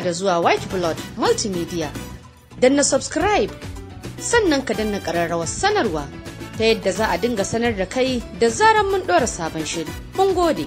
da zuwa white blood multimedia na subscribe sannan ka danna ƙararrawar sanarwa ta yadda za a dinga sanar da kai da zarar mun ɗora sabon shiri mun gode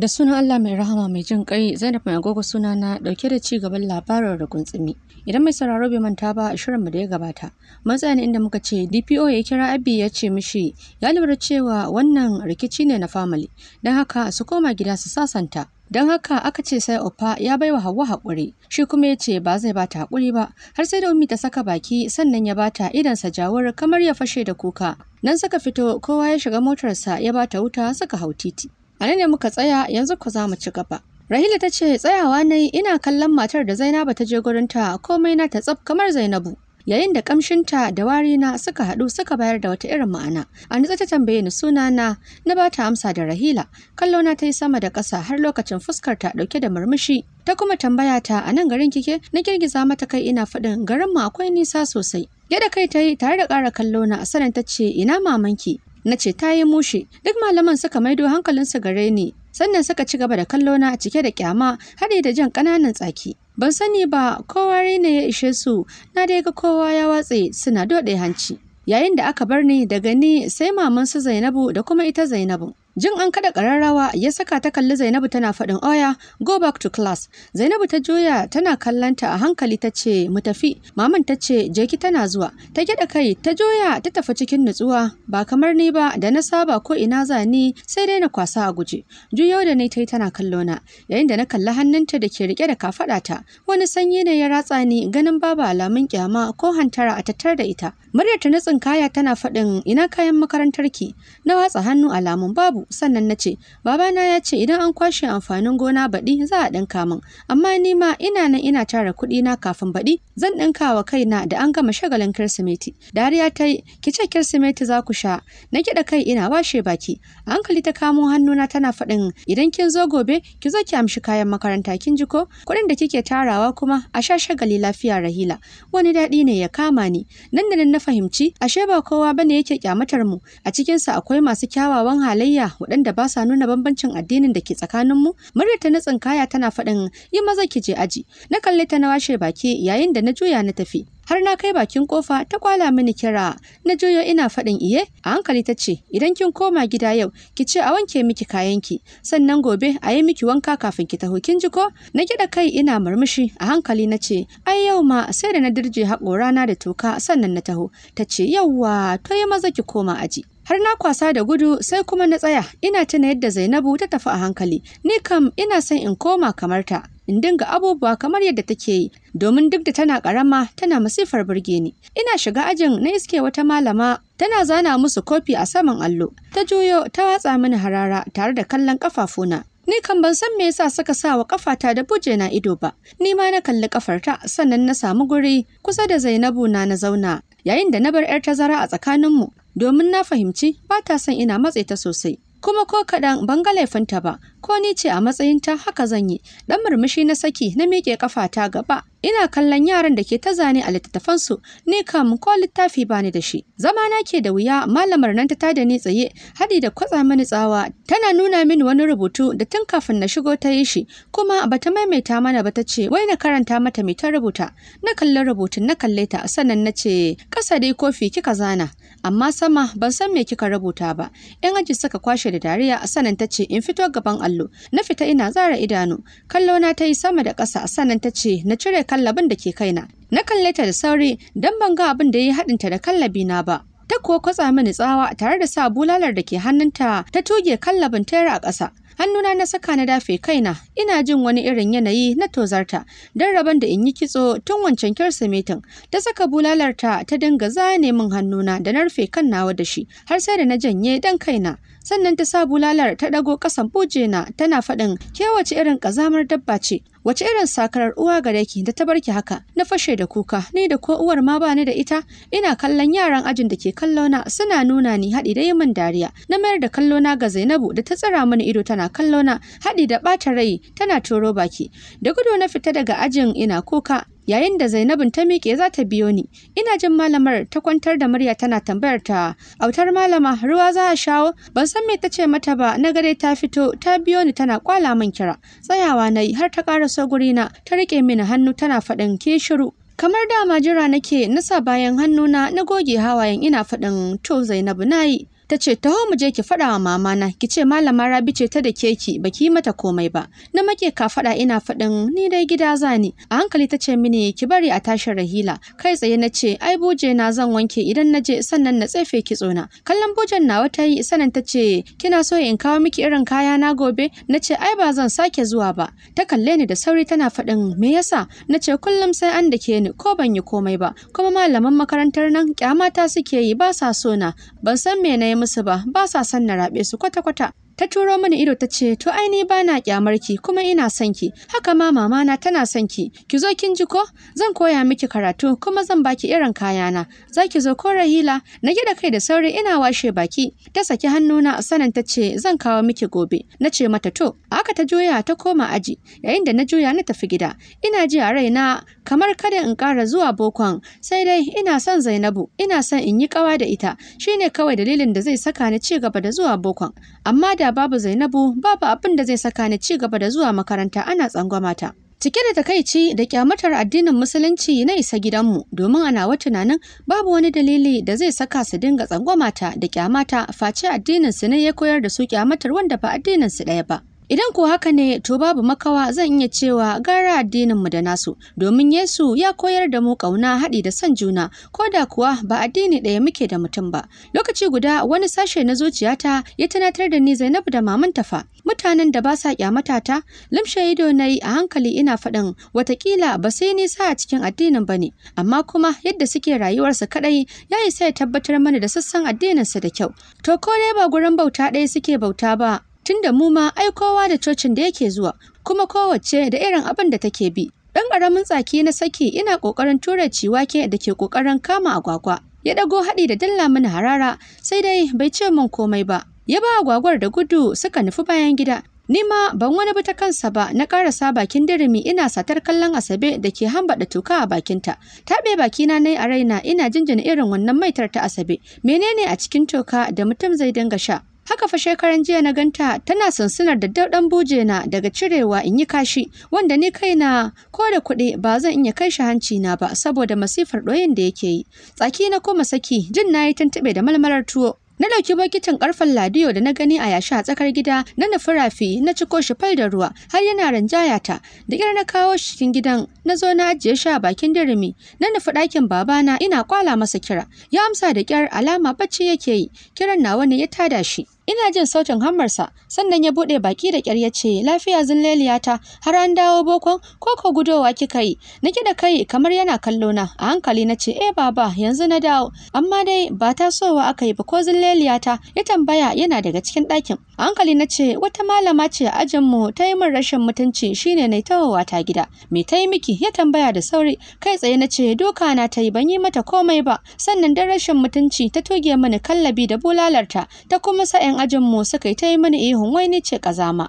Da sunan Allah mai rahama mai jin kai Zainab mai agogo suna na dauke da ci gaban labarin rukun tsimi. Idan mai sauraro bai manta ba a shirin mu da ya gabata. matsayin inda muka ce DPO ya kira Abi ya ce mishi ya lura cewa wannan rikici ne na family. Don haka su koma gida su sasanta. don haka aka ce sai Opa ya baiwa Hauwa haƙuri shi kuma ya ce ba zai bata haƙuri ba har sai da Ummi ta saka baki sannan ya bata sa jawar kamar ya fashe da kuka nan suka fito kowa ya shiga motarsa ya bata wuta suka hau titi A nan ne muka tsaya yanzu ku za mu ci gaba. Rahila ta ce tsayawa na yi ina kallon matar da Zainabu ta je gurinta komai na ta tsaf kamar Zainabu. Yayin da kamshinta da warina suka haɗu suka bayar da wata irin ma'ana. Anitsa ta tambaye ni suna na ba ta amsa da Rahila. Kallona ta yi sama da ƙasa har lokacin fuskar ta ɗauke da murmushi. Ta kuma tambaya ta a nan garin kike na girgiza mata kai ina faɗin garin mu akwai nisa sosai. Yadda kai ta yi tare da ƙara kallona na sanin ta ce ina mamanki na ce ta yi mushi duk malaman suka maido hankalinsu gare ni sannan suka ci gaba da kallona a cike da kyama haɗi da jan ƙananan tsaki ban sani ba kowa ne ya ishe su na dai ga kowa ya watse suna doɗe hanci yayin da aka bar ni daga ni sai maman su zainabu da kuma ita zainabu Jin an kada kararrawa ya saka ta kalli Zainabu tana faɗin oya go back to class. Zainabu ta juya tana kallanta a hankali ta ce mu tafi. Maman ta ce je tana zuwa. Ta gyada kai ta juya ta tafi cikin nutsuwa ba kamar ni ba da na saba ko ina zani sai dai na kwasa a guje. Juyo da ni tai tana kallo na yayin da na kalli hannunta da ke rike da ta Wani sanyi ne ya ratsa ni ganin babu alamun kyama ko hantara a tattar da ita. Muryar ta na tsinkaya tana faɗin ina kayan makarantarki. Na watsa hannu alamun babu. sannan na ce babana ya ce idan an kwashe amfanin gona baɗi za a ɗinka min amma ni ma ina nan ina tara kuɗi na kafin baɗi zan ɗinka wa kaina da an gama shagalin kirsimeti dariya ta yi ki ce kirsimeti za ku sha na kiɗa kai ina washe baki a hankali ta kamo hannuna tana faɗin idan kin zo gobe ki zo ki amshi kayan makaranta kin ji ko kuɗin da kike tarawa kuma a sha shagali lafiya rahila wani daɗi ne ya kama ni nan da nan na fahimci ashe ba kowa bane yake kyamatar mu a cikinsa akwai masu kyawawan halayya waɗanda ba sa nuna bambancin addinin da ke tsakaninmu murya ta na tsinkaya tana faɗin yi maza ki je aji na kalli ta na washe baki yayin da na juya na tafi har na kai bakin kofa ta kwala mini kira na juyo ina faɗin iye a hankali ta ce idan kin koma gida yau ki ce a wanke miki kayanki sannan gobe a yi miki wanka kafin ki taho kin ji ko na gida kai ina murmushi a hankali na ce ai yau ma sai da na dirje "Rana da toka sannan na taho ta ce yawwa to yi maza ki koma aji har na kwasa da gudu sai kuma na tsaya ina tana yadda Zainabu ta tafi a hankali ni kam ina son in koma kamar ta in dinga abubuwa kamar yadda take yi domin duk da tana karama tana masifar burge ni ina shiga ajin na iske wata malama tana zana musu kofi a saman allo ta juyo ta watsa mini harara tare da kallon kafafuna ni kan ban san me yasa suka sa wa kafata da buje na ido ba ni ma na kalli kafarta sannan na samu guri kusa da Zainabu na na zauna yayin da na bar 'yar tazara a tsakaninmu domin na fahimci ba ta son ina matse ta sosai kuma ko kaɗan ban ga laifinta ba ko ni ce a matsayin ta, haka zan yi ɗan murmushi na saki na miƙe ta gaba ina kallon yaran da ke ta zane a littattafansu ni kam ko littafi ba ni da shi zama na ke da wuya malamar nan ta tada ni tsaye haɗi da kwatsa mani tsawa tana nuna mini wani rubutu da tun kafin na shigo ta yi shi kuma ba ta maimaita mana ba ta ce wai na karanta mata mai ta rubuta na kalli rubutun na kalle ta sannan na ce ƙasa dai kofi kika zana amma sama ban san me kika rubuta ba yan aji suka kwashe da dariya a ta ce in fito gaban allo na fita ina zara idanu kallo na ta yi sama da ƙasa sanan ta ce na cire kallabin da ke kaina na kalle ta da sauri dan ban ga abin da ya yi haɗinta da kallabi na ba ta kuwa kwatsa mini tsawa tare da sa bulalar da ke hannunta ta tuge kallabin tera a ƙasa hannuna na saka na dafe kaina ina jin wani irin yanayi na tozarta don rabon da in yi kitso tun wancan kirsimetin ta saka bulalarta ta dinga zane min hannuna da na rufe kan nawa da shi har sai da na janye dan kaina sannan ta sa bulalar ta ɗago ƙasan bujena tana faɗin ke wace irin ƙazamar dabba ce wace irin sakarar uwa gare ki da ta barki haka na fashe da kuka ni da ko uwar ma bani da ita ina kallon yaran ajin da ke kallona suna nuna ni haɗi da yaman dariya na mayar da kallona ga Zainabu da ta tsira mini ido tana kallona haɗi da ɓata rai tana toro baki da gudu na fita daga ajin ina kuka yayin da Zainabin ta miƙe za ta biyo ni. Ina jin malamar ta kwantar da murya tana tambayar ta, "Autar malama, ruwa za a shawo?" Ban san me ta ce mata ba, na gare ta fito, ta biyo ni tana kwala min kira. Tsayawa na yi har ta ƙara saguri na, ta riƙe mini hannu tana faɗin ke shiru. kamar dama jira nake nasa bayan hannuna na goge hawayen ina faɗin to Zainabu yi. ta ce taho mu je ki faɗa wa na ki ce malama rabi ce ta da keki ba ki mata komai ba na make ka faɗa ina faɗin ni dai gida za ni a hankali ta ce mini ki bari a tashin rahila kai tsaye na ce ai boje na zan wanke idan na je sannan na tsefe tsona. kallon bujen na wata yi sanan ta ce kina so in kawo miki irin kaya na gobe na ce ai ba zan sake zuwa ba ta kalle ni da sauri tana faɗin me yasa na ce kullum sai an ke ni ko ban yi komai ba kuma malaman makarantar nan kyamata suke yi ba sa so na ban san me na yi musu ba ba sa son na raɓe su kwata-kwata ta turo mini ido ta ce to ai ni bana kyamar ki kuma ina son ki haka ma mama na tana son ki ki zo kin ji ko zan koya miki karatu kuma zan baki irin kaya na zaki zo ko rahila na gida kai da sauri ina washe baki ta saki hannuna sanan ta ce zan kawo miki gobe na ce mata to aka ta juya ta koma aji yayin da na juya na tafi gida ina ji a raina kamar kada in ƙara zuwa bokon sai dai ina son Zainabu ina son in yi kawa da ita shine kawai dalilin da zai saka ni ci gaba da zuwa bokon amma da babu Zainabu babu abin da zai saka ni ci gaba da zuwa makaranta ana tsangwama ta. Cike da takaici da kyamatar addinin musulunci na isa gidanmu domin ana wa tunanin babu wani dalili da zai saka su dinga tsangwamata da kyamata face addinin su ne ya koyar da su kyamatar wanda ba addinin su ɗaya ba. Idan ko haka ne to babu makawa zan iya cewa gara addininmu da nasu domin Yesu ya koyar da mu ƙauna haɗi da son juna ko da kuwa ba addini ɗaya muke da mutum ba. Lokaci guda wani sashe na zuciyata ya tunatar da ni Zainab da Maman tafa, mutanen da ba sa kyamata ta limshe ido na yi a hankali ina faɗin watakila ba sai nisa a cikin addinin ba ne amma kuma yadda suke rayuwarsa kaɗai ya isa ya tabbatar mana da sassan addininsa da kyau. To ko dai ba gurin bauta ɗaya suke bauta ba Tun da mu ma ai kowa da cocin da yake zuwa kuma kowacce da irin abin da take bi dan karamin tsaki na saki ina kokarin tura ciwake da ke kokarin kama agwagwa ya ɗago haɗi da dalla mini harara sai dai bai ce min komai ba ya ba agwagwar da gudu suka nufi bayan gida ni ma ban wani bi ta kansa ba na karasa bakin dirimi ina satar kallon asabe da ke hambaɗa tuka a bakinta taɓe na nayi a raina ina jinjina irin wannan maitar ta asabe menene a cikin toka da mutum zai dinga sha haka fa shekaran jiya na ganta tana sansunar da daudan buje na daga cirewa in yi kashi wanda ni kaina ko da kuɗi ba zan iya kai shi hanci na ba saboda masifar ɗoyin da yake yi tsaki na koma saki jin na yi tuntuɓe da malmalar tuwo Na ɗauki bokitin ƙarfen ladiyo da na gani a yashi a tsakar gida, na nufi rafi, na ciko shi fal da ruwa, har yana rinjaya ta. Da kyar na kawo shi cikin gidan, na zo na ajiye shi a bakin dirimi, na nufi ɗakin babana ina kwala masa kira. Ya amsa da kyar, alama bacci yake yi, kiran nawa ne ya tada shi. ina jin sautin hammarsa sannan ya buɗe baki da ƙyar ya ce lafiya zilleliyata har an dawo bokon ko gudowa kika yi na da kai kamar yana kallo na a hankali na ce eh baba yanzu na dawo amma dai ba ta wa aka yi ba ko zilleliyata ya tambaya yana daga cikin ɗakin a hankali na ce wata malama ce a mu ta yi min rashin mutunci shine na tawowa ta gida me ta yi miki ya tambaya da sauri kai tsaye na ce doka na ta yi ban yi mata komai ba sannan dan rashin mutunci ta toge mani kallabi da bulalarta ta kuma sa ajin mu suka yi ta yi mani ihun wai ni ce kazama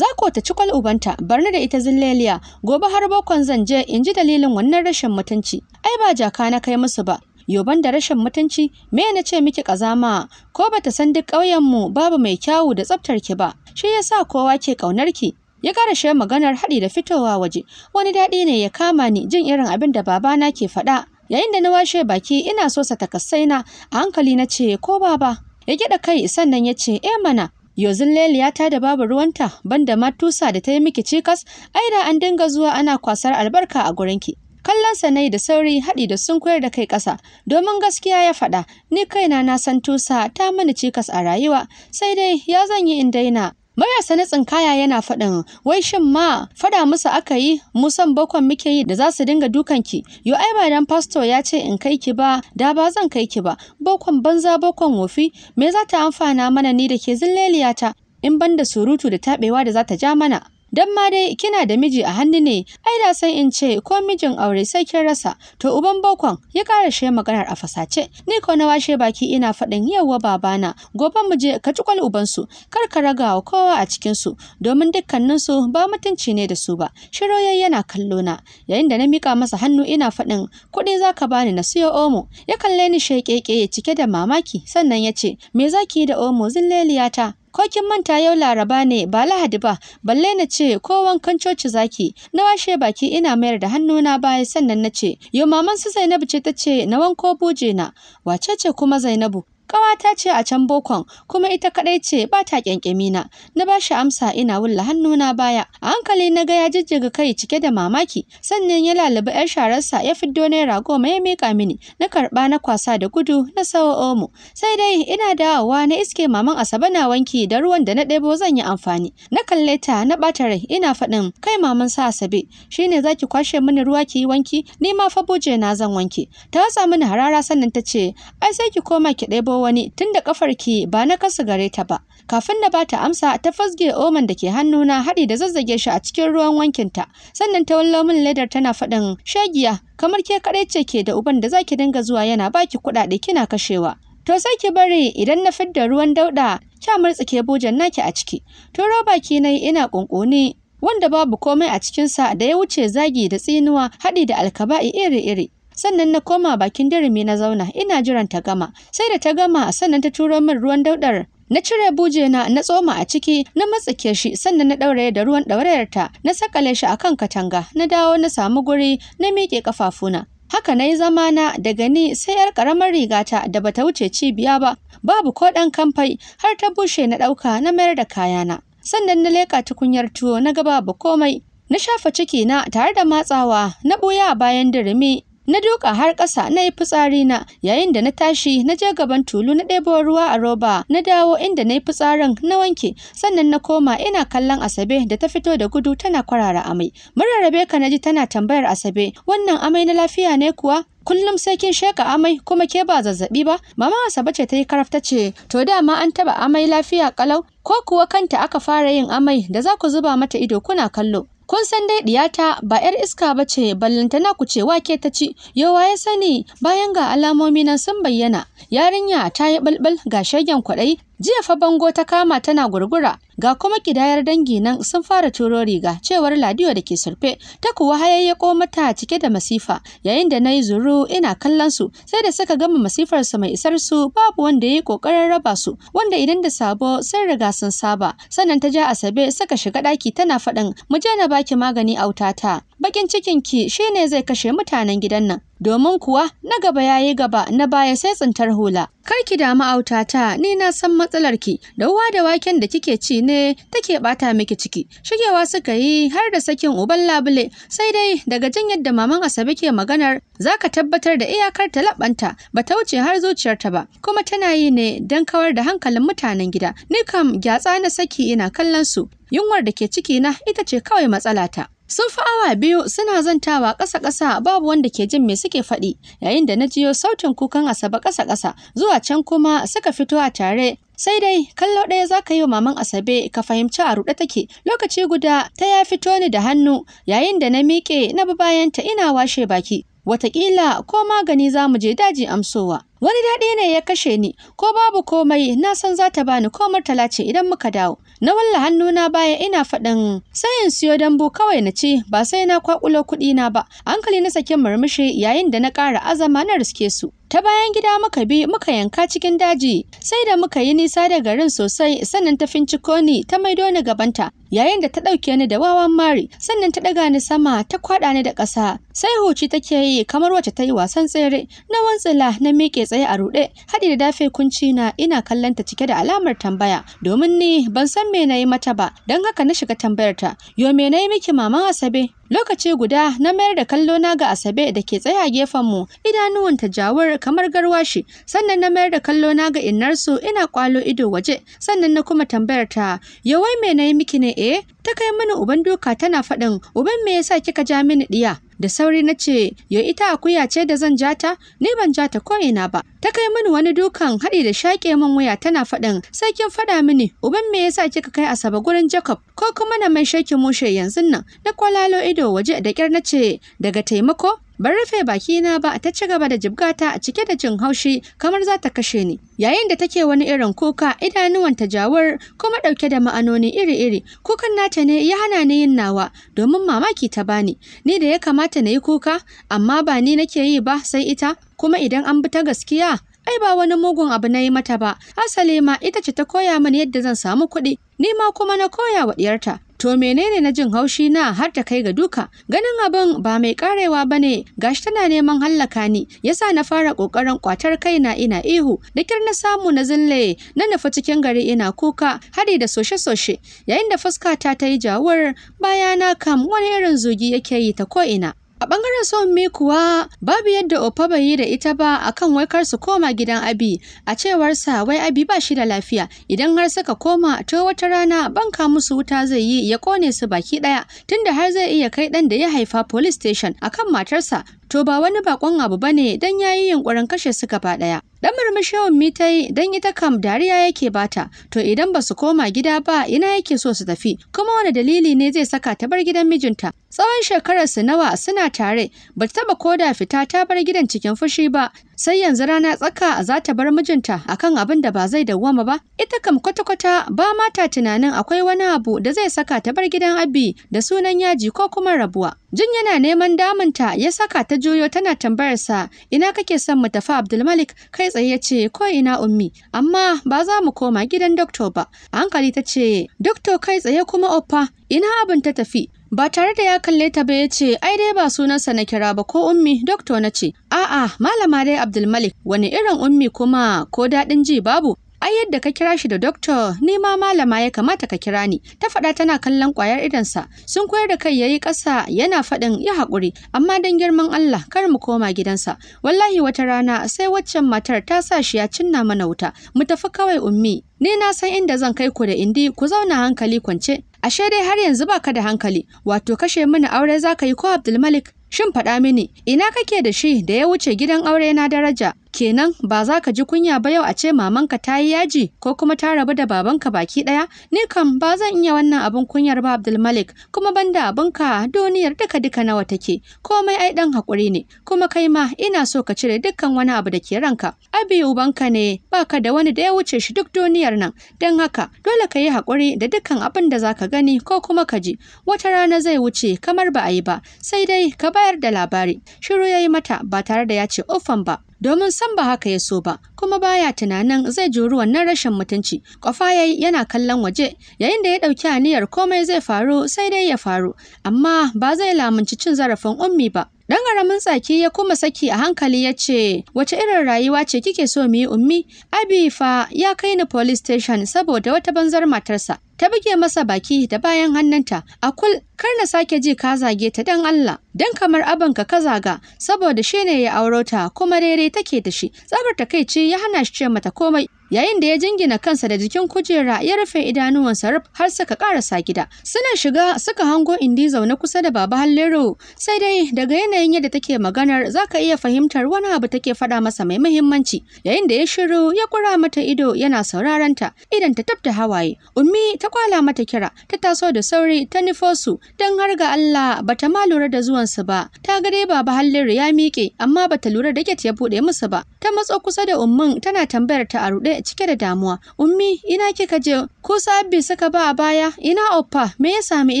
ko ta ci kwal ubanta, barni da ita zilleliya, gobe har bakon zan je in ji dalilin wannan rashin mutunci. Ai ba jaka na kai musu ba. Yoban da rashin mutunci, me na ce miki kazama, ko ba ta san duk ƙauyenmu babu mai kyawu da tsaftar ki ba. Shi yasa kowa ke ƙaunar ki. Ya karashe maganar haɗi da fitowa waje. Wani daɗi ne ya kama ni jin irin abin da babana ke faɗa. Yayin da na washe baki ina so sa takassaina a hankali na ce ko baba. ya gyada kai sannan ya ce e mana yozin leliya da babu ruwanta banda matusa da ta yi miki cikas ai da an dinga zuwa ana kwasar albarka a gurinki kallonsa na yi da sauri haɗi da sun koyar da kai ƙasa domin gaskiya ya faɗa ni kaina na san tusa ta mani cikas a rayuwa sai dai ya zanyi in daina muryarsa na tsinkaya yana faɗin wai shin ma faɗa musu aka yi mu san bakon muke yi da za su dinga dukan ki yo ai ba dan pastor ya ce in kai ki ba da ba zan kai ki ba bakon banza bakon wofi me za ta amfana mana ni da ke zilleliyata in ban da surutu da taɓewa da za ta ja mana Dan ma dai kina da miji a hannu ne, ai da san in ce ko mijin aure sai kin rasa. To uban bakon ya ƙara shi maganar a fasace. Ni ko na washe baki ina faɗin yawwa babana, gobe mu je ka ci uban ubansu, kar ka raga wa kowa a cikin su domin dukkaninsu ba mutunci ne da su ba. Shiroyai yana kallo na, yayin da na mika masa hannu ina faɗin kuɗi za ka bani na siyo omo. Ya kalle ni sheƙeƙe cike da mamaki sannan ya ce me za ki yi da omo zilleliyata ko kin manta yau laraba ne ba lahadi ba balle na ce ko wankan coci zaki na washe baki ina mayar da hannuna baya sannan na ce yau maman su zainabu ce ta ce na wanko buje na wace ce kuma zainabu Ƙawata ce a can bokon kuma ita kaɗai ce ba ta ƙyanƙyami na. Na ba shi amsa ina wulla hannuna baya. A hankali na ga ya jijjiga kai cike da mamaki. Sannan ya lalubi 'yar shararsa ya fiddo naira goma ya miƙa mini. Na karɓa na kwasa da gudu na sawo omo. Sai dai ina dawowa na iske maman Asabe na wanki da ruwan da na ɗebo zan yi amfani. Na kalle ta na ɓata rai ina faɗin kai maman sa Asabe shi za ki kwashe mini ruwa ki yi wanki ni ma fa buje na zan wanke. Ta watsa mini harara sannan ta ce ai sai ki koma ki ɗebo wani wani tunda kafar ki ba na kasa gare ta ba kafin na bata amsa ta fasge oman da ke hannuna haɗi da zazzage shi a cikin ruwan wankin ta, sannan ta wallo min ledar tana faɗin shagiya kamar ke kaɗai ce ke da uban da zaki dinga zuwa yana baki kuɗaɗe kina kashewa to sai ki bari idan na fidda ruwan dauɗa kya ke bujan naki a ciki to roba ki nayi ina ƙunƙuni wanda babu komai a cikinsa da ya wuce zagi da tsinuwa haɗi da alkaba'i iri-iri sannan na koma bakin dirimi na zauna ina jiran ta gama sai da ta gama sannan ta turo min ruwan daudar na cire buje na na tsoma a ciki na matsake shi sannan na ɗauraye da ruwan ɗaurayarta na sakale shi akan katanga na dawo na samu guri na miƙe ƙafafuna haka na yi zamana daga ni sai yar karamar rigata da bata wuce cibiya ba babu ko ɗan kamfai har ta bushe na ɗauka na mayar da kayana sannan na leƙa tukunyar tuwo na ga babu komai na shafa ciki na tare da matsawa na ɓuya bayan dirimi na duka har ƙasa na yi fitsari na yayin da na tashi na je gaban tulu na ɗebo ruwa a roba na dawo inda na yi fitsarin na wanke sannan na koma ina kallon asabe da ta fito da gudu tana kwarara amai murar ka na ji tana tambayar asabe wannan amai na lafiya ne kuwa kullum sai kin sheka amai kuma ke ba zazzabi ba mama asabe ce ta yi ta ce to dama an taba amai lafiya kalau ko kuwa kanta aka fara yin amai da za ku zuba mata ido kuna kallo kun san dai diyata ba yar iska ba ce ballantana ku ce wake ta ci Yawa ya sani bayan ga alamomi nan sun bayyana yarinya ta yi ɓalɓal ga shagen kwaɗayi Jiya fa bango ta kama tana gurgura, ga kuma kidayar dangi nan sun fara turo riga cewar Ladiyo da ke surfe, ta kuwa hayayyako mata cike da masifa, yayin da na yi zuru ina kallon su, sai da suka gama masifar su mai isar su babu wanda ya yi kokarin raba su, wanda idan da sabo sun riga sun saba, sannan ta ja Asabe suka shiga ɗaki tana faɗin mu je na baki magani autata. bakin cikinki shi ne zai kashe mutanen gidan nan. Domin kuwa na gaba ya yi gaba na baya sai tsintar hula. Kar ki damu autata ni na san matsalar ki. da uwa da waken da kike ci ne take bata miki ciki. Shigewa suka yi har da sakin uban labule sai dai daga jin yadda maman Asabe ke maganar zaka tabbatar da iyakar ta labanta ba ta wuce har zuciyarta ba kuma tana yi ne dan kawar da hankalin mutanen gida. Ni kam gyatsa na saki ina kallon su yunwar da ke ciki na ita ce kawai matsalata. Sun fi awa biyu suna zantawa ƙasa-ƙasa babu wanda ke jin me suke faɗi yayin da na jiyo sautin kukan Asabe ƙasa-ƙasa zuwa can kuma suka fito a tare sai dai kallo ɗaya za ka yi wa maman asabe ka fahimci a ruɗe take lokaci guda ta ya fito ni da hannu yayin da na miƙe na bi bayanta ina washe baki watakila, ko magani za mu je daji amsowa Wani daɗi ne ya kashe ni, ko babu komai na san za ta bani komar ce idan muka dawo. Na walla hannuna baya ina faɗin sai siyo dambu kawai na ci ba sai na kwakulo kuɗi na ba. Hankali na sakin murmushi yayin da na ƙara azama na riske su. Ta bayan gida muka bi muka yanka cikin daji, sai da muka yi nisa da garin sosai sannan ta finciko ni ta maido ni gabanta, yayin da ta ɗauke ni da wawan mari, sannan ta ɗaga ni sama ta kwaɗa ni da ƙasa. Sai huci take yi kamar wacce ta yi wasan tsere, na wantsila na miƙe tsaye a ruɗe haɗi da dafe kunci na ina kallon ta cike da alamar tambaya domin ni ban san me nayi mata ba don haka na shiga tambayar ta yo me nayi miki maman asabe lokaci guda na mayar da kallo na ga asabe da ke tsaye a gefen mu idanuwan ta jawar kamar garwashi sannan na mayar da kallo na ga innarsu ina kwalo ido waje sannan na kuma tambayar ta wai me nayi miki ne eh ta kai mini uban doka tana faɗin uban me yasa kika ja mini diya da sauri na ce yo ita akuya ce da zan jata ni ban jata ko ina ba ta kai mini wani dukan haɗi da shaƙe min wuya tana faɗin sai kin faɗa mini uban me yasa kika kai asaba gurin Jacob ko kuma na mai shaki mushe yanzu nan na kwalalo ido waje da kyar na ce daga taimako ban rufe bakina ba ta ci gaba da jibgata a cike da jin haushi kamar za ta kashe ni yayin da take wani irin kuka idanuwan ta jawar kuma ɗauke da ma'anoni iri-iri kukan nata ne ya hana ni yin nawa domin mamaki ta bani ni da ya kamata na yi kuka amma ba ni nake yi ba sai ita kuma idan an bi ta gaskiya ai ba wani mugun abu na yi mata ba asali ma ita ce ta koya mini yadda zan samu kuɗi ni ma kuma na koya wa ɗiyarta to menene na jin haushi na har ta kai ga duka ganin abin ba mai karewa bane gashi tana neman hallaka ni yasa na fara kokarin kwatar kaina ina ihu da kyar na samu na zille na nufi cikin gari ina kuka hari da soshe-soshe yayin da fuskata ta yi jawur bayana kam wani irin zugi yake yi ta ko'ina. A bangaren me kuwa babu yadda Opa bai yi da ita ba akan wai kar su koma gidan Abi. A cewar sa wai Abi ba shi da lafiya idan har suka koma to wata rana banka musu wuta zai yi ya kone su baki daya tunda har zai iya kai dan da ya haifa police station akan matarsa to ba wani bakon abu bane dan yayi yunkurin kashe su gaba daya dan murmushin mitai dan ita kam dariya yake bata to idan ba su koma gida ba ina yake so su tafi kuma wani dalili ne zai saka ta bar gidan mijinta tsawon shekarar su nawa suna tare ba ta taba koda fita ta bar gidan cikin fushi ba sai yanzu rana tsaka za ta bar mijinta akan abin da ba zai dawwama ba ita kam kwata-kwata ba mata tunanin akwai wani abu da zai saka ta bar gidan abi da sunan yaji ko kuma rabuwa jin yana neman damunta ya saka ta juyo tana tambayarsa ina kake son mu tafi abdulmalik kai tsaye ya ce ko ina ummi amma ba za mu koma gidan doktor ba hankali ta ce doktor kai tsaye kuma oppa ina abin ta tafi Ba tare da ya kalle ta ba ya ce, ai dai ba sunansa na kira ba ko ummi, dokto na ce, a'a malama dai Abdulmalik wani irin ummi kuma ko daɗin ji babu, ai yadda ka kira shi da doctor ni ma malama ya kamata ka kira ni ta faɗa tana kallon ƙwayar sa. sun koyar da kai yayi ƙasa yana faɗin ya haƙuri amma dan girman Allah kar mu koma gidansa wallahi wata rana sai waccan matar ta sa shi ya cinna mana wuta mu tafi kawai ummi ni na san inda zan kai ku da indi ku zauna hankali kwance ashe dai har yanzu baka da hankali wato kashe mini aure zaka yi ko Abdulmalik Shin faɗa mini, ina kake da shi da ya wuce gidan aure na daraja, kenan ba za ka ji kunya ba yau a ce mamanka ta yi yaji ko kuma ta rabu da babanka baki ɗaya ni kam ba zan iya wannan abin kunyar ba Abdulmalik kuma banda abinka duniyar duka duka nawa take komai ai dan hakuri ne kuma kai ma ina so ka cire dukkan wani abu da ke ranka abi ubanka ne baka da wani da ya wuce shi duk duniyar nan dan haka dole ka yi hakuri da dukkan abin da zaka gani ko kuma ka ji wata rana zai wuce kamar ba a yi ba sai dai ka bayar da labari shiru ya yi mata ba tare da ya ce ofan ba domin san ba haka ya so ba kuma baya tunanin zai juri wannan rashin mutunci kwafa yayi yana kallon waje yayin da ya dauki aniyar komai zai faru sai dai ya faru amma ba zai lamunci cin zarafin ummi ba Dan garamin tsaki ya kuma saki a hankali ya ce, Wace irin rayuwa ce kike so mu yi ummi? Abifa ya kai ni police station saboda wata banzar matarsa. Ta buge masa baki da bayan hannunta, a kul kar na sake ji ka zage ta dan Allah dan kamar abanka ka zaga saboda shi ne ya auro ta kuma daidai take da shi tsabar takaici ya hana shi ce mata komai yayin da ya jingina kansa da jikin kujera ya rufe idanuwansa ruf har suka karasa gida suna shiga suka hango indi zaune kusa da baba hallero sai dai daga yanayin yadda take maganar zaka iya fahimtar wani abu take faɗa masa mai muhimmanci yayin da ya shiru ya kura mata ido yana sauraron ta idan ta tafta hawaye ummi ta kwala mata kira ta taso da sauri ta nufo su don har ga Allah ba ta ma lura da zuwansu ba ta ga dai baba halliru ya miƙe amma ba ta lura da get ya buɗe musu ba ta matso kusa da ummin tana tambayar ta a ruɗe cike da damuwa ummi ina kika je ko sabbi suka ba a baya ina oppa me ya sami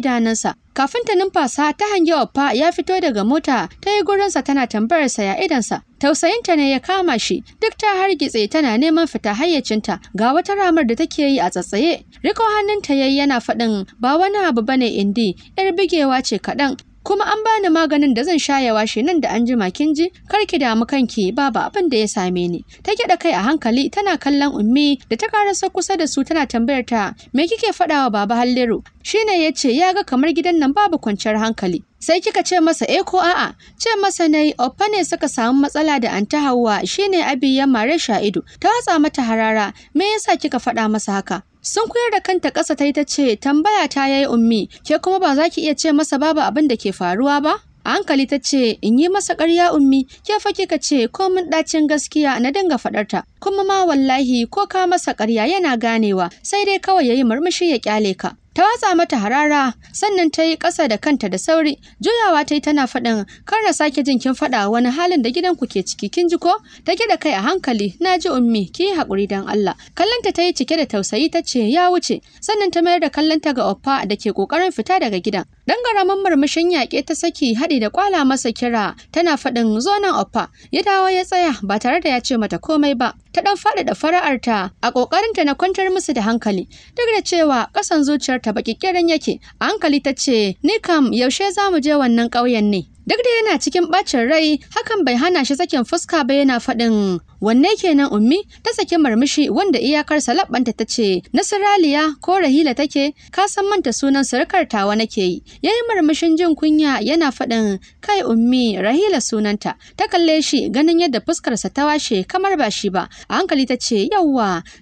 idanunsa Kafin ta numfasa ta hangi Oppa ya fito daga mota ta yi gurinsa tana tambayarsa ya idansa. Tausayinta ne ya kama shi duk ta hargitse tana neman fita hayyacinta ga wata ramar da take yi a tsatsaye. Riko hannunta yayi yana faɗin ba wani abu bane indi yar bigewa ce kaɗan kuma an bani maganin da zan sha shi nan da anjima kin ji kar ki damu kanki babu abin da ya same ni ta gyaɗa kai a hankali tana kallon ummi da ta karasa kusa da su tana tambayar ta me kike faɗawa baba halliru shine ya ce ya ga kamar gidan nan babu kwanciyar hankali sai kika ce masa eh ko a'a ce masa nayi oppa ne suka samu matsala da anta Hauwa shine Abi ya mare Sha'idu ta watsa mata harara me yasa kika faɗa masa haka sun koyar da kanta ƙasa ta yi ta ce tambaya ta yayi ummi ke kuma ba za ki iya ce masa babu abin da ke faruwa ba a hankali ta ce in yi masa ƙarya ummi ke fa kika ce ko mun ɗacin gaskiya na dinga faɗar kuma ma wallahi ko ka masa ƙarya yana ganewa sai dai kawai yayi murmushi ya kyale ka ta watsa mata harara sannan ta yi ƙasa da kanta da sauri juyawa ta yi tana faɗin kar na sake jin kin faɗa wani halin da gidanku ke ciki kin ji ko ta gida kai a hankali na ji ummi ki yi haƙuri don Allah Kallonta ta yi cike da tausayi ta ce ya wuce sannan ta mayar da kallonta ga oppa da ke ƙoƙarin fita daga gidan Dan garaman murmushin yaƙe ta saki haɗi da ƙwala masa kira tana faɗin zo nan offa ya dawo ya tsaya ba tare da ya ce mata komai ba ta ɗan faɗaɗa fara'arta a ƙoƙarinta na kwantar musu da hankali duk da cewa ƙasan zuciyarta baƙiƙirin yake a hankali ta ce ni kam yaushe za mu je wannan ƙauyen ne Duk da yana cikin ɓacin rai, hakan bai hana shi sakin fuska ba yana faɗin wanne kenan ummi ta saki marmishi wanda iyakar salabanta ta ce nasiraliya ko rahila take ka san manta sunan surukar tawa nake yi yayi marmishin jin kunya yana faɗin kai ummi rahila sunanta ta kalle shi ganin yadda fuskarsa ta washe kamar ba shi ba a hankali ta ce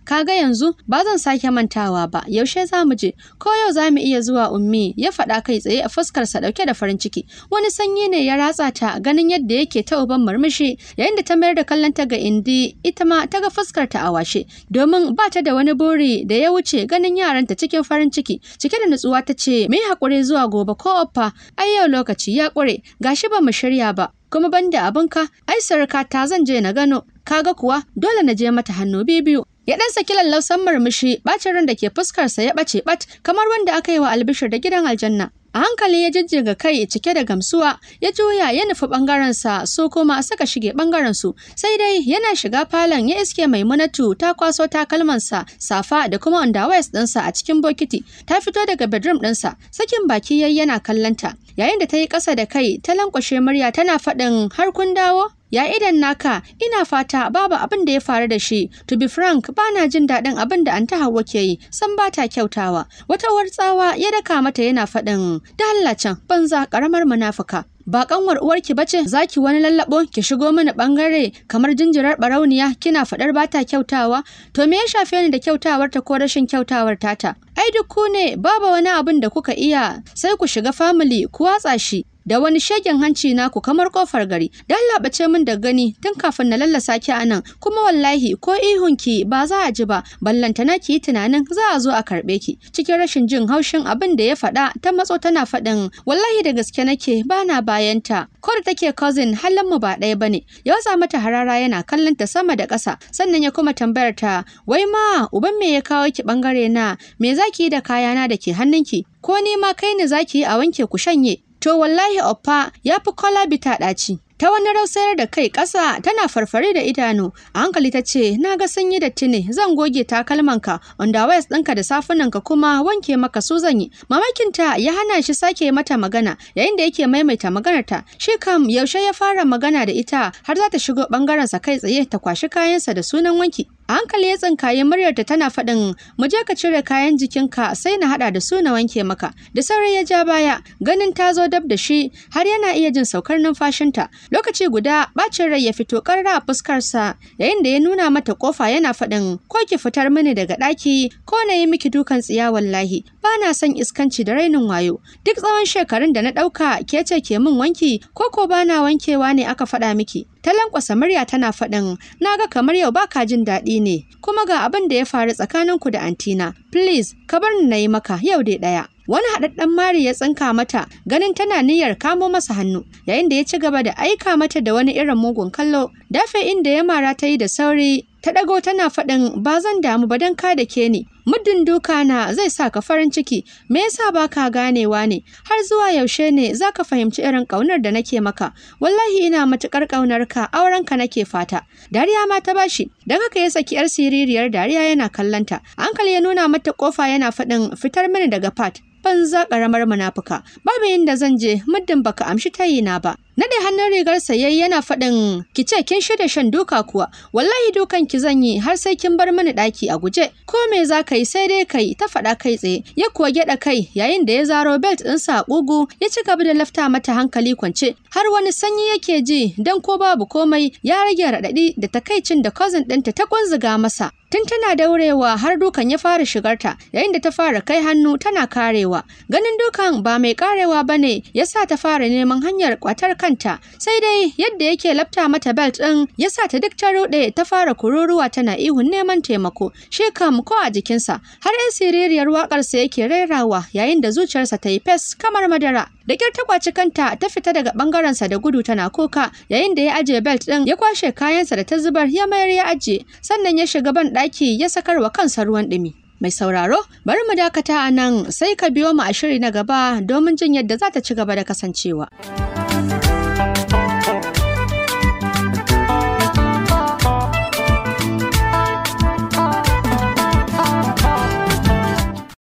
Ka ga yanzu ba zan sake mantawa ba yaushe za mu je ko yau za mu iya zuwa ummi ya faɗa kai tsaye a fuskarsa ɗauke da farin ciki wani sanyi ne. ne ya ratsa ta ganin yadda yake ta uban murmushi yayin da ta mayar da kallon ta ga indi ita ma ta ga fuskar ta a washe domin ba ta da wani buri da ya wuce ganin yaran ta cikin farin ciki cike da nutsuwa ta ce me hakuri zuwa gobe ko offa ai yau lokaci ya kure gashi ba mu shirya ba kuma banda ka ai sarka ta zan je na gano kaga kuwa dole na je mata hannu biyu ya dan saki lallausan murmushi bacin ran da ke fuskarsa ya bace bat kamar wanda aka yi wa albishir da gidan aljanna A hankali ya jijjiga kai cike da gamsuwa, ya juya ya nufi ɓangarensa su kuma suka shige ɓangarensu. Sai dai yana shiga falon ya iske Maimunatu ta kwaso takalmansa, safa da kuma underwears ɗinsa a cikin bokiti. Ta fito daga bedroom ɗinsa, sakin baki yayi yana kallonta. Yayin da ta yi ƙasa da kai, ta lankwashe murya tana faɗin har kun dawo. ya idan naka ina fata babu abin da ya faru da shi to be frank bana jin daɗin abin da anta hawa ke yi san ba ta kyautawa wata tsawa ya daka mata yana faɗin da Allah can banza karamar munafuka ba kanwar uwarki bace zaki wani lallabo ki shigo mana bangare kamar jinjirar barauniya kina fadar bata kyautawa to me ya shafe ni da kyautawar ta ko rashin kyautawar tata ai duk ku ne babu wani abin da kuka iya sai ku shiga family ku watsa shi da wani shagen hanci naku kamar kofar gari dan ce min da gani tun kafin na lallasa ki anan kuma wallahi ko ihun ki ba za a ji ba ballanta na ki tunanin za a zo a karbe ki cikin rashin jin haushin abin da ya faɗa ta matso tana faɗin wallahi da gaske nake na bayanta ko da take cousin halin mu ba ɗaya bane ya watsa mata harara yana kallon ta sama da ƙasa sannan ya kuma tambayar ta wai ma uban me ya kawo ki bangare na me zaki yi da kayana da ke hannunki ko ni ma kai ne zaki yi a wanke ku shanye to wallahi Oppa ya fi kola bita ɗaci. ta wani rausayar da kai ƙasa tana farfare da idanu a hankali ta ce na ga sanyi da tini, zan goge takalmanka wayas ɗinka da safunanka kuma wanke maka su zan yi mamakinta ya hana shi sake mata magana yayin da yake maimaita maganarta shi kam yaushe ya fara magana da ita har za ta shigo ɓangarensa kai tsaye ta kwashi kayansa da sunan wanki a hankali ya tsinkaye muryarta tana faɗin mu je ka cire kayan jikinka sai na haɗa da su na wanke maka da saurayi ya ja baya ganin ta zo dab da shi har yana iya jin saukar numfashinta Lokaci guda bacin rai ya fito karra a fuskarsa yayin da ya nuna mata kofa yana faɗin ko ki fitar mini daga ɗaki ko na yi miki dukan tsiya wallahi ba na son iskanci da rainin wayo duk tsawon shekarun da na ɗauka ke ce ke min wanki ko ko ba na wankewa ne aka faɗa miki. Ta lankwasa murya tana faɗin na ga kamar yau baka jin daɗi ne kuma ga abin da ya faru tsakaninku da antina please ka bar ni na yi maka yau dai ɗaya. wani haɗaɗɗen mari ya tsinka mata ganin tana niyyar kamo masa hannu yayin da ya ci gaba da aika mata da wani irin mugun kallo dafe inda ya mara ta yi da sauri ta ɗago tana faɗin ba zan damu ba don ka da ke ni muddin duka na zai sa ka farin ciki me yasa ba ka ganewa ne har zuwa yaushe ne za ka fahimci irin ƙaunar da nake maka wallahi ina matuƙar ƙaunar ka auren ka nake fata dariya ma ta bashi don haka ya saki yar siririyar dariya yana kallanta hankali ya nuna mata ƙofa yana faɗin fitar mini daga fat banza karamar munafuka babu inda zan je muddin baka amshi tayina ba Na dai hannun rigar sa yayi yana faɗin ki ce kin shirya shan duka kuwa wallahi dukan ki zan yi har sai kin bar mini ɗaki a guje ko me za ka yi sai dai kai ta faɗa kai tsaye ya kuwa gyaɗa kai yayin da ya zaro belt ɗinsa a ƙugu ya ci gaba da lafta mata hankali kwance har wani sanyi yake ji don ko babu komai ya rage raɗaɗi da takaicin da cousin ɗinta ta kunzuga masa. Tun tana daurewa har dukan ya fara shigarta yayin da ta fara kai hannu tana karewa. Ganin dukan ba mai karewa bane yasa ta fara neman hanyar kwatar kanta sai dai yadda yake lafta mata belt ɗin yasa ta duk ta rode ta fara kururuwa tana ihun neman taimako shi kam ko a jikinsa har 'yan siririyar wakarsa yake rerawa yayin da zuciyarsa ta yi fes kamar madara. da kyar ta kwaci kanta ta fita daga sa da gudu tana kuka yayin da ya ajiye belt din ya kwashe kayansa da ta zubar ya mayar ya ajiye sannan ya shiga ban daki ya wa kansa ruwan dumi Mai sauraro, bari mu dakata a nan sai ka biyo mu a shiri na gaba domin jin yadda za ta ci gaba da kasancewa.